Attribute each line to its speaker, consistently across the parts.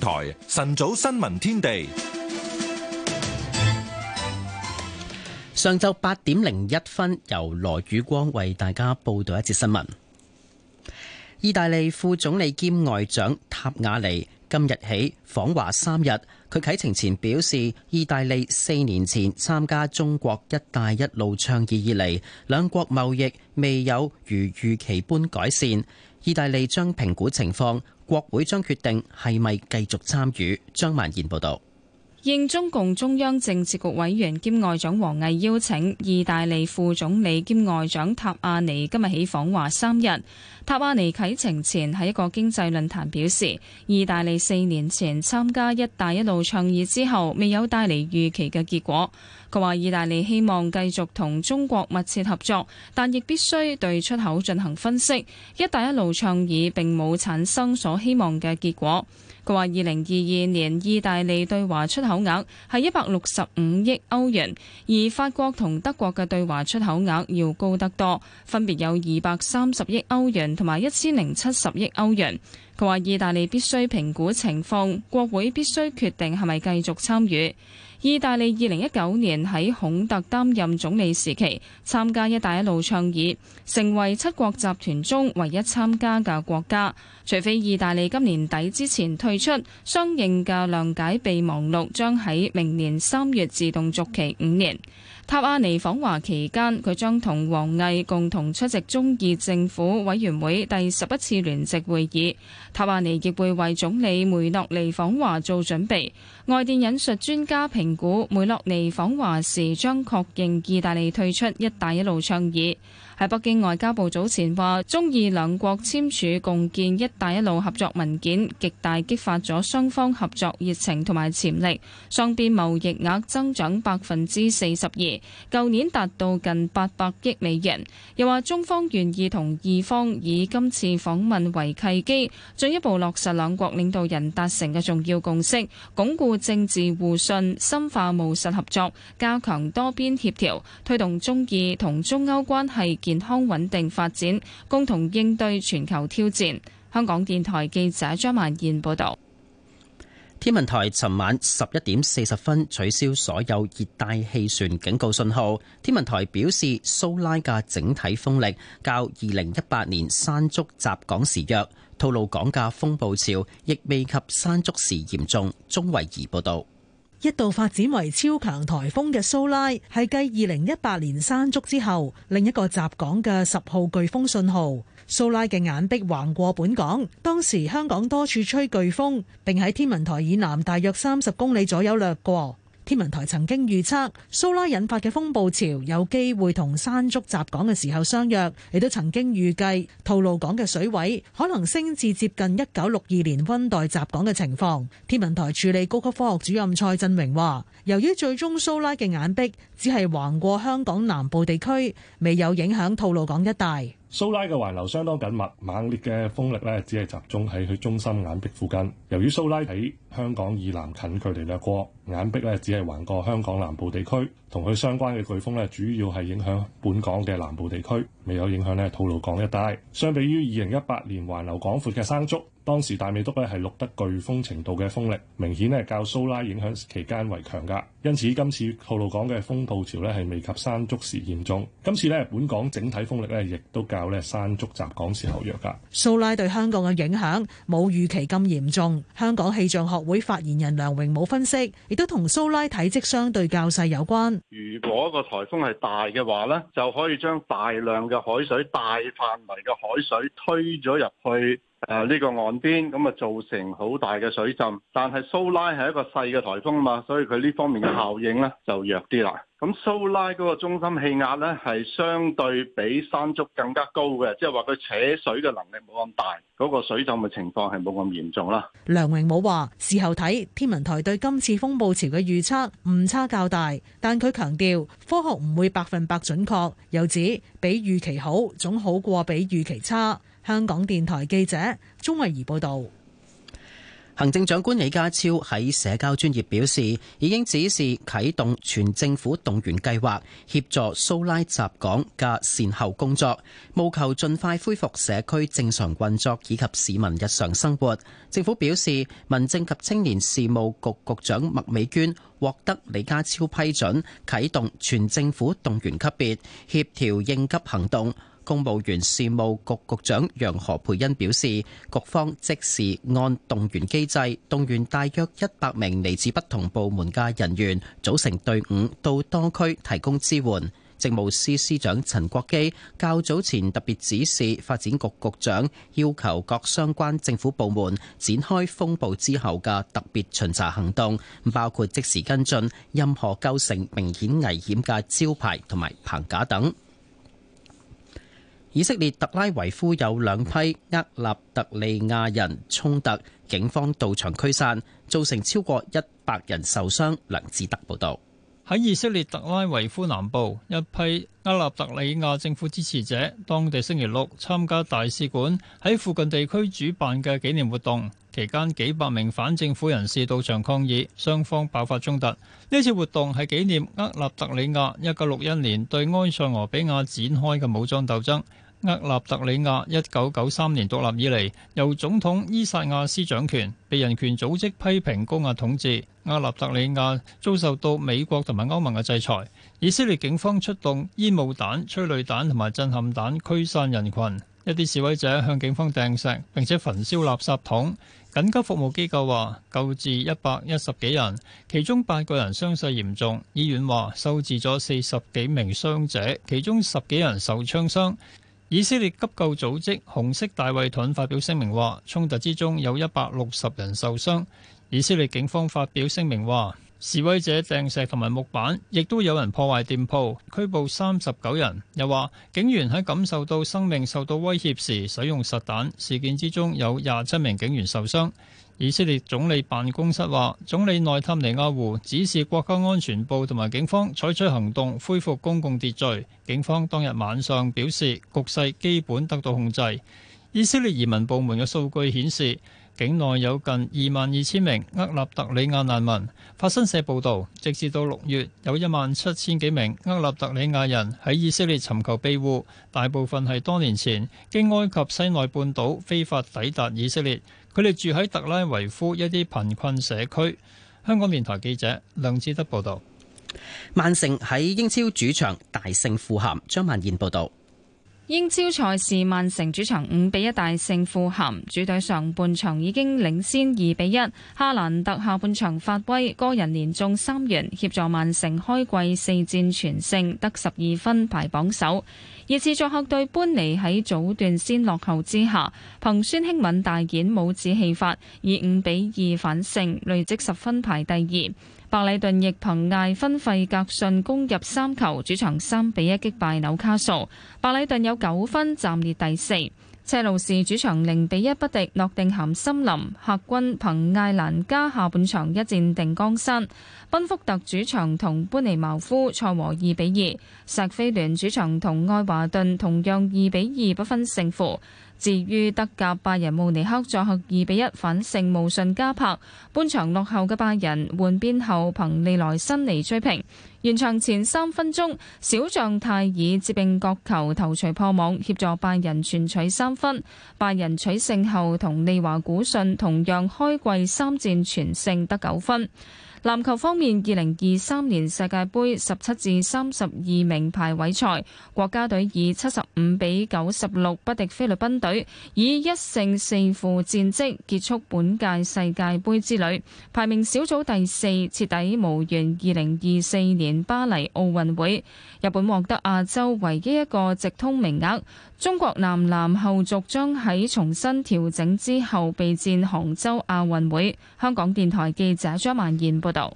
Speaker 1: 台晨早新聞天地，上晝八點零一分由羅宇光為大家報道一節新聞。意大利副總理兼外長塔亞尼今日起訪華三日，佢啟程前表示，意大利四年前參加中國“一帶一路”倡議以嚟，兩國貿易未有如預期般改善，意大利將評估情況。國會將決定係咪繼續參與。張曼燕報導。
Speaker 2: 應中共中央政治局委員兼外長王毅邀請，意大利副總理兼外長塔亞尼今日起訪華三日。塔亞尼啟程前喺一個經濟論壇表示，意大利四年前參加“一帶一路”倡議之後，未有帶嚟預期嘅結果。佢話意大利希望繼續同中國密切合作，但亦必須對出口進行分析。“一帶一路”倡議並冇產生所希望嘅結果。佢話：二零二二年，意大利對華出口額係一百六十五億歐元，而法國同德國嘅對華出口額要高得多，分別有二百三十億歐元同埋一千零七十億歐元。佢話：意大利必須評估情況，國會必須決定係咪繼續參與。意大利二零一九年喺孔特擔任總理時期參加「一帶一路」倡議，成為七國集團中唯一參加嘅國家。除非意大利今年底之前退出，相應嘅諒解備忘錄將喺明年三月自動續期五年。塔阿尼訪華期間，佢將同王毅共同出席中意政府委員會第十一次聯席會議。塔阿尼亦會為總理梅洛尼訪華做準備。外電引述專家評估，梅洛尼訪華時將確認意大利退出「一帶一路」倡議。喺北京外交部早前話中意兩國簽署共建「一帶一路」合作文件，極大激發咗雙方合作熱情同埋潛力，雙邊貿易額增長百分之四十二，舊年達到近八百億美元。又話中方願意同意方以今次訪問為契機，進一步落實兩國領導人達成嘅重要共識，鞏固政治互信，深化務實合作，加強多邊協調，推動中意同中歐關係健康穩定發展，共同應對全球挑戰。香港電台記者張曼燕報道。
Speaker 1: 天文台尋晚十一點四十分取消所有熱帶氣旋警告信號。天文台表示，蘇拉嘅整體風力較二零一八年山竹襲港時弱，吐露港嘅風暴潮亦未及山竹時嚴重。鍾慧儀報道。
Speaker 3: 一度發展為超強颱風嘅蘇拉，係繼二零一八年山竹之後另一個襲港嘅十號颶風信號。蘇拉嘅眼壁橫過本港，當時香港多處吹颶風，並喺天文台以南大約三十公里左右掠過。天文台曾經預測蘇拉引發嘅風暴潮有機會同山竹襲港嘅時候相若，亦都曾經預計吐露港嘅水位可能升至接近一九六二年溫黛襲港嘅情況。天文台助理高級科學主任蔡振榮話，由於最終蘇拉嘅眼壁只係橫過香港南部地區，未有影響吐露港一帶。
Speaker 1: 蘇拉嘅環流相當緊密，猛烈嘅風力咧只係集中喺佢中心眼壁附近。由於蘇拉喺香港以南近距離掠過，眼壁咧只係橫過香港南部地區，同佢相關嘅颶風咧主要係影響本港嘅南部地區，未有影響呢吐露港一帶。相比於二零一八年環流廣闊嘅山竹。當時大美督咧係錄得颶風程度嘅風力，明顯咧較蘇拉影響期間為強噶。因此今次吐露港嘅風暴潮咧係未及山竹時嚴重。今次咧本港整體風力咧亦都較咧山竹襲港時候弱噶。
Speaker 3: 蘇拉對香港嘅影響冇預期咁嚴重，香港氣象學會發言人梁榮武分析，亦都同蘇拉體積相對較細有關。
Speaker 4: 如果個颱風係大嘅話咧，就可以將大量嘅海水、大範圍嘅海水推咗入去。誒，呢個岸邊咁啊，造成好大嘅水浸。但係蘇拉係一個細嘅颱風嘛，所以佢呢方面嘅效應呢就弱啲啦。咁蘇拉嗰個中心氣壓呢係相對比山竹更加高嘅，即係話佢扯水嘅能力冇咁大，嗰個水浸嘅情況係冇咁嚴重啦。
Speaker 3: 梁榮武話事後睇天文台對今次風暴潮嘅預測誤差較大，但佢強調科學唔會百分百準確，又指比預期好總好過比預期差。香港電台記者鍾慧怡報道，
Speaker 1: 行政長官李家超喺社交專業表示，已經指示啟動全政府動員計劃，協助蘇拉襲港嘅善後工作，務求盡快恢復社區正常運作以及市民日常生活。政府表示，民政及青年事務局局局長麥美娟獲得李家超批准，啟動全政府動員級別，協調應急行動。公務員事務局局長楊何培恩表示，局方即時按動員機制動員大約一百名嚟自不同部門嘅人員組成隊伍到當區提供支援。政務司司長陳國基較早前特別指示發展局局長要求各相關政府部門展開風暴之後嘅特別巡查行動，包括即時跟進任何構成明顯危險嘅招牌同埋棚架等。以色列特拉維夫有兩批厄立特里亞人衝突，警方到場驅散，造成超過一百人受傷。梁志德報導：喺以色列特拉維夫南部，
Speaker 4: 一批厄立特里亞政府支持者，當地星期六參加大使館喺附近地區主辦嘅紀念活動。期間幾百名反政府人士到場抗議，雙方爆發衝突。呢次活動係紀念厄立特里亞一九六一年對埃塞俄比亞展開嘅武裝鬥爭。厄立特里亞一九九三年獨立以嚟，由總統伊薩亞斯掌權，被人權組織批評高壓統治。厄立特里亞遭受到美國同埋歐盟嘅制裁。以色列警方出動煙霧彈、催淚彈同埋震撼彈驅散人群。一啲示威者向警方掟石，並且焚燒垃圾桶。緊急服務機構話救治一百一十幾人，其中八個人傷勢嚴重。醫院話收治咗四十幾名傷者，其中十幾人受槍傷。以色列急救組織紅色大衛盾發表聲明話，衝突之中有一百六十人受傷。以色列警方發表聲明話。示威者掟石同埋木板，亦都有人破壞店鋪，拘捕三十九人。又話警員喺感受到生命受到威脅時使用實彈，事件之中有廿七名警員受傷。以色列總理辦公室話，總理內塔尼亞胡指示國家安全部同埋警方採取行動，恢復公共秩序。警方當日晚上表示，局勢基本得到控制。以色列移民部門嘅數據顯示：境內有近二萬二千名厄立特里亞難民。法新社報導，直至到六月，有一萬七千幾名厄立特里亞人喺以色列尋求庇護，大部分係多年前經埃及西奈半島非法抵達以色列。佢哋住喺特拉維夫一啲貧困社區。香港電台記者
Speaker 1: 梁志德報導。曼城喺英超主場大勝富咸。張曼燕報導。
Speaker 2: 英超賽事，曼城主場五比一大勝富咸，主隊上半場已經領先二比一。哈蘭特下半場發威，個人連中三元，協助曼城開季四戰全勝，得十二分排榜首。而次作客隊班尼喺早段先落後之下，憑孫興敏大演帽子戲法，以五比二反勝，累積十分排第二。巴里頓亦憑艾分費格遜攻入三球，主場三比一擊敗紐卡素。巴里頓有九分，暫列第四。車路士主場零比一不敵諾定咸森林，客軍憑艾蘭加下半場一戰定江山。賓福特主場同班尼茅夫賽和二比二，石飛聯主場同愛華頓同樣二比二不分勝負。至於德甲拜仁慕尼黑作客二比一反勝慕遜加柏。半場落後嘅拜仁換邊後，憑利來辛尼追平。完場前三分鐘，小將泰爾接并角球頭槌破網，協助拜仁全取三分。拜仁取勝後，同利華古遜同樣開季三戰全勝得九分。籃球方面，二零二三年世界杯十七至三十二名排位賽，國家隊以七十五比九十六不敵菲律賓隊，以一勝四負戰績結束本屆世界杯之旅，排名小組第四，徹底無緣二零二四年。巴黎奧運會，日本獲得亞洲唯一一個直通名額。中國男籃後續將喺重新調整之後備戰杭州亞運會。香港電台記者張曼燕報道。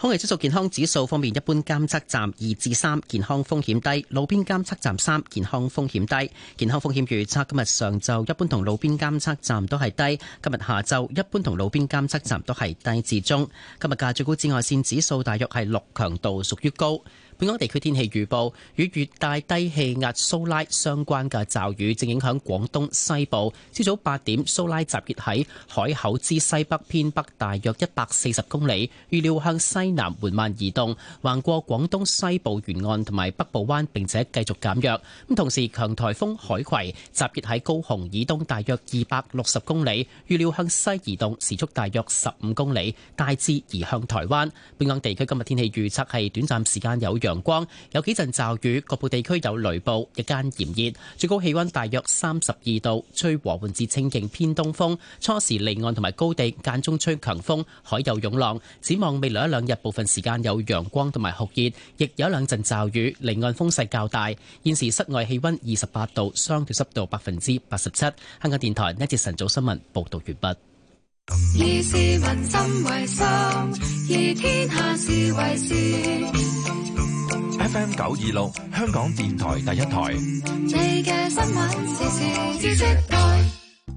Speaker 1: 空氣質素健康指數方面，一般監測站二至三，健康風險低；路邊監測站三，健康風險低。健康風險預測，今日上晝一般同路邊監測站都係低，今日下晝一般同路邊監測站都係低至中。今日嘅最高紫外線指數大約係六，強度屬於高。本港地區天氣預報，與熱帶低氣壓蘇拉相關嘅驟雨正影響廣東西部。朝早八點，蘇拉集結喺海口之西北偏北大約一百四十公里，預料向西南緩慢移動，橫過廣東西部沿岸同埋北部灣，並且繼續減弱。咁同時，強颱風海葵集結喺高雄以東大約二百六十公里，預料向西移動，時速大約十五公里，大致移向台灣。本港地區今日天氣預測係短暫時間有弱陽光有幾陣驟雨，局部地區有雷暴，日間炎熱，最高氣溫大約三十二度，吹和緩至清勁偏東風。初時離岸同埋高地間中吹強風，海有湧浪。展望未來一兩日，部分時間有陽光同埋酷熱，亦有一兩陣驟雨。離岸風勢較大。現時室外氣溫二十八度，相對濕度百分之八十七。香港電台一節晨早新聞報道完畢。
Speaker 2: 以民心為心，以天下事為事。
Speaker 1: FM 九二六，26, 香港電台
Speaker 4: 第
Speaker 5: 一台。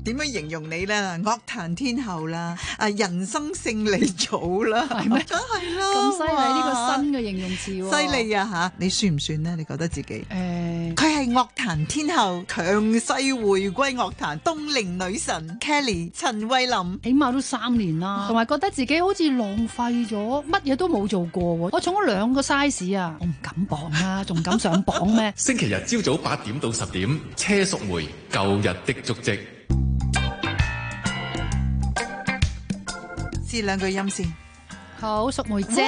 Speaker 5: 點樣形容你咧？樂壇天后啦，啊，人生勝利組啦，係咪嗎？梗係啦，咁犀利呢個新
Speaker 6: 嘅形容詞、啊，犀利
Speaker 5: 啊吓！你算唔算呢？你覺得自己？誒、欸，佢係樂壇天后強勢回歸樂壇，凍齡女神 Kelly 陳慧琳，起碼都三年啦，同埋
Speaker 6: 覺得自己好似浪費咗乜嘢都冇做過。我重咗兩個 size 啊，我唔 敢磅啊，仲敢上磅咩？星期
Speaker 4: 日朝早八點到十點，車淑梅《舊日的足跡》。
Speaker 5: 啲兩句音先，好，淑梅姐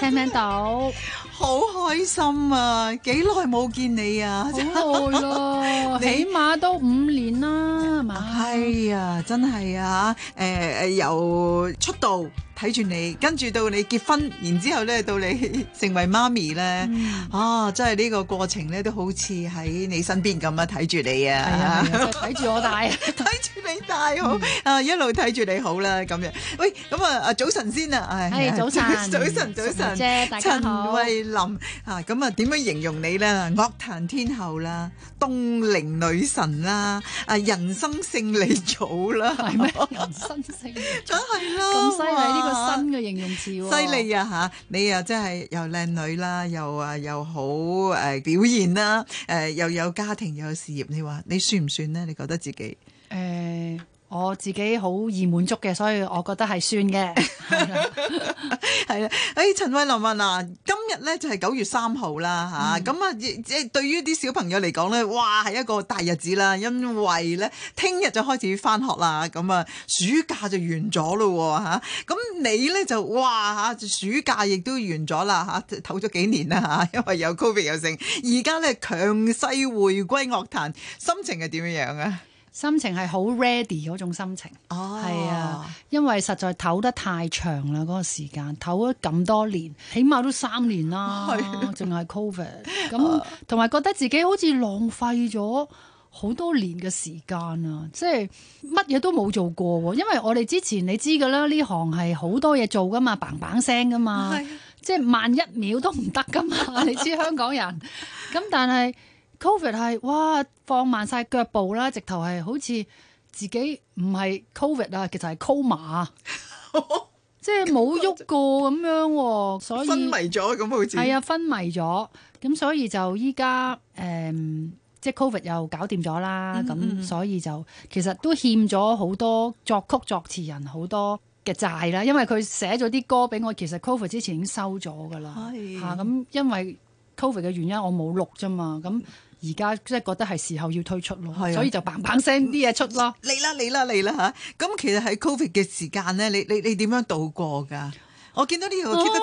Speaker 5: 聽唔聽到？好開心啊！幾耐冇見你啊？好耐咯，起碼都五年啦，係嘛？係。啊，真係啊，誒，由出道睇住你，跟住到你結婚，然之後咧，到你成為媽咪咧，啊，真係呢個過程咧，都好似喺你身邊咁啊，睇住你啊，睇住我大，睇住你大好，啊，一路睇住你好啦，咁樣。喂，咁啊，早晨先啊，係早晨，早晨，早晨啫，陳慧琳啊，咁啊，點樣形容你咧？樂壇天后啦，東陵女神啦，啊，人生勝利。.好啦，
Speaker 6: 係咪？人生性真係啦，咁犀利呢個新嘅形容詞、啊，犀利啊
Speaker 5: 吓！你又真係又靚女啦，又啊又好誒表現啦，誒又有家庭又有事業，你話你算唔算咧？你覺得自己誒？欸我
Speaker 6: 自己好易滿足嘅，所以我覺得係算嘅。
Speaker 5: 係啊，誒，陳偉林問啊，今日呢咧就係九月三號啦，嚇咁啊，即係、嗯嗯、對於啲小朋友嚟講咧，哇係一個大日子啦，因為咧聽日就開始翻學啦，咁、嗯、啊暑假就完咗咯，嚇咁你咧就哇嚇暑假亦都完咗啦，嚇唞咗幾年啦嚇、啊，因為有 COVID 又剩，而家咧強勢回歸樂壇，心情係點樣樣啊？
Speaker 6: 心情係好 ready 嗰種心情，係、哦、啊，因為實在唞得太長啦嗰、那個時間，唞咗咁多年，起碼都三年啦，淨係 COVID，咁同埋覺得自己好似浪費咗好多年嘅時間啊，即係乜嘢都冇做過喎，因為我哋之前你知噶啦，呢行係好多嘢做噶嘛，砰砰聲噶嘛，的即係慢一秒都唔得噶嘛， 你知香港人，咁但係。Covid 係哇，放慢晒腳步啦，直頭係好似自己唔係 Covid 啊，其實係 coma， 即係冇喐過咁 樣，所以昏迷咗
Speaker 5: 咁好似係啊，昏
Speaker 6: 迷咗，咁、嗯、所以就依家誒，即係 Covid 又搞掂咗啦，咁、嗯嗯、所以就其實都欠咗好多作曲作詞人好多嘅債啦，因為佢寫咗啲歌俾我，其實 Covid 之前已經收咗㗎啦，嚇咁是、啊、因為 Covid 嘅原因我，我冇錄啫嘛，咁。而家即係覺得係時候要推出咯，係啊、所以就嘭嘭聲啲嘢出咯。嚟啦嚟啦嚟啦
Speaker 5: 吓，咁其實喺 COVID 嘅時間咧，你你你點樣度過噶，我見到呢、這、條、個。啊